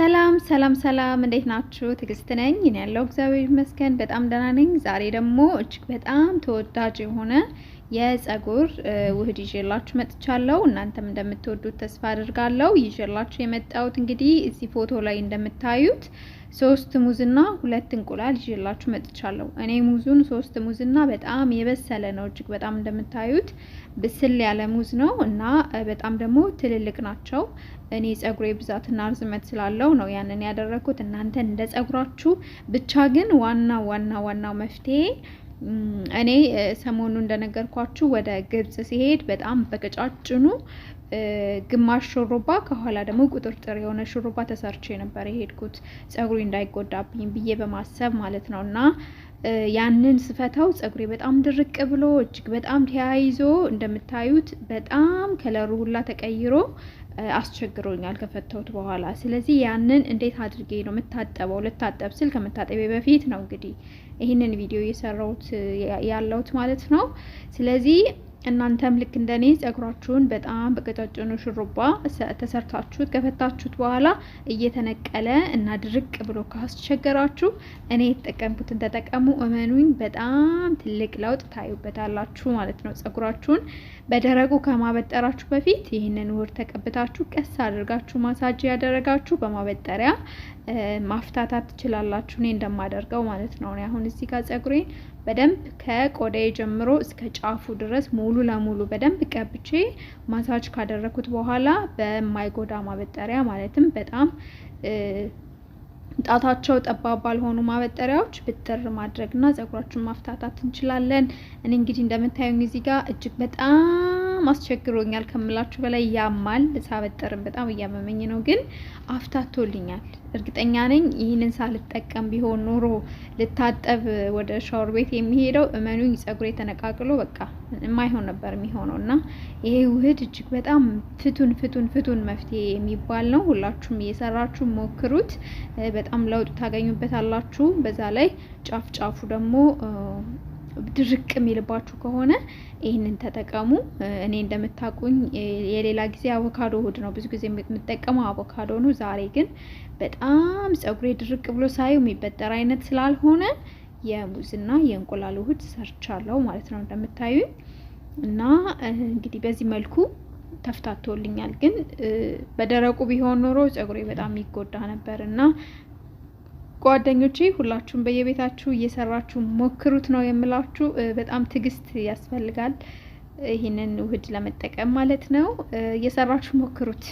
ሰላም ሰላም ሰላም፣ እንዴት ናችሁ? ትዕግስት ነኝ እኔ ያለው እግዚአብሔር ይመስገን በጣም ደህና ነኝ። ዛሬ ደግሞ እጅግ በጣም ተወዳጅ የሆነ የፀጉር ውህድ ይዤላችሁ መጥቻለሁ። እናንተም እንደምትወዱት ተስፋ አድርጋለሁ። ይዤላችሁ የመጣሁት እንግዲህ እዚህ ፎቶ ላይ እንደምታዩት ሶስት ሙዝና ሁለት እንቁላል ይዤላችሁ መጥቻለሁ። እኔ ሙዙን ሶስት ሙዝና በጣም የበሰለ ነው። እጅግ በጣም እንደምታዩት ብስል ያለ ሙዝ ነው እና በጣም ደግሞ ትልልቅ ናቸው። እኔ ጸጉሬ ብዛትና ርዝመት ስላለው ነው ያን ያንን ያደረኩት እናንተ እንደ ጸጉራችሁ ብቻ። ግን ዋና ዋና ዋናው መፍትሄ እኔ ሰሞኑ እንደነገርኳችሁ ወደ ግብጽ ሲሄድ በጣም በቀጫጭኑ ግማሽ ሹሩባ ከኋላ ደግሞ ቁጥርጥር የሆነ ሹሩባ ተሰርቼ ነበር የሄድኩት ጸጉሪ እንዳይጎዳብኝ ብዬ በማሰብ ማለት ነው። እና ያንን ስፈታው ጸጉሬ በጣም ድርቅ ብሎ እጅግ በጣም ተያይዞ እንደምታዩት በጣም ከለሩ ሁላ ተቀይሮ አስቸግሮኛል ከፈተውት በኋላ። ስለዚህ ያንን እንዴት አድርጌ ነው የምታጠበው? ልታጠብ ስል ከመታጠቤ በፊት ነው እንግዲህ ይህንን ቪዲዮ እየሰራሁት ያለሁት ማለት ነው። ስለዚህ እናንተም ልክ እንደኔ ጸጉራችሁን በጣም በቀጫጭኑ ሹሩባ ተሰርታችሁት ከፈታችሁት በኋላ እየተነቀለ እና ድርቅ ብሎ ካስቸገራችሁ እኔ የተጠቀምኩትን ተጠቀሙ። እመኑኝ በጣም ትልቅ ለውጥ ታዩበታላችሁ ማለት ነው። ጸጉራችሁን በደረቁ ከማበጠራችሁ በፊት ይህንን ውህድ ተቀብታችሁ ቀስ አድርጋችሁ ማሳጅ ያደረጋችሁ በማበጠሪያ ማፍታታት ትችላላችሁ። እኔ እንደማደርገው ማለት ነው። አሁን እዚህ ጋር ጸጉሬን በደንብ ከቆዳዬ ጀምሮ እስከ ጫፉ ድረስ ሙሉ ለሙሉ በደንብ ቀብቼ ማሳጅ ካደረኩት በኋላ በማይጎዳ ማበጠሪያ ማለትም በጣም ጣታቸው ጠባብ ባልሆኑ ማበጠሪያዎች ብጥር ማድረግና ጸጉራችሁን ማፍታታት እንችላለን። እኔ እንግዲህ እንደምታዩኝ እዚህ ጋር እጅግ በጣም በጣም አስቸግሮኛል ከምላችሁ በላይ ያማል። ሳበጠርም በጣም እያመመኝ ነው፣ ግን አፍታቶልኛል። እርግጠኛ ነኝ ይህንን ሳልጠቀም ቢሆን ኖሮ ልታጠብ ወደ ሻወር ቤት የሚሄደው እመኑኝ፣ ጸጉሬ ተነቃቅሎ በቃ የማይሆን ነበር የሚሆነው እና ይሄ ውህድ እጅግ በጣም ፍቱን ፍቱን ፍቱን መፍትሄ የሚባል ነው። ሁላችሁም እየሰራችሁ ሞክሩት፣ በጣም ለውጡ ታገኙበታላችሁ። በዛ ላይ ጫፍ ጫፉ ደግሞ ድርቅ የሚልባችሁ ከሆነ ይህንን ተጠቀሙ። እኔ እንደምታቁኝ የሌላ ጊዜ አቮካዶ እሑድ ነው ብዙ ጊዜ የምጠቀመው አቮካዶ ነው። ዛሬ ግን በጣም ጸጉሬ ድርቅ ብሎ ሳየው የሚበጠር አይነት ስላልሆነ የሙዝና የእንቁላል እሑድ ሰርቻለሁ ማለት ነው እንደምታዩኝ እና እንግዲህ በዚህ መልኩ ተፍታቶልኛል። ግን በደረቁ ቢሆን ኖሮ ጸጉሬ በጣም ይጎዳ ነበር እና ጓደኞቼ ሁላችሁም በየቤታችሁ እየሰራችሁ ሞክሩት ነው የምላችሁ። በጣም ትዕግስት ያስፈልጋል፣ ይህንን ውህድ ለመጠቀም ማለት ነው። እየሰራችሁ ሞክሩት።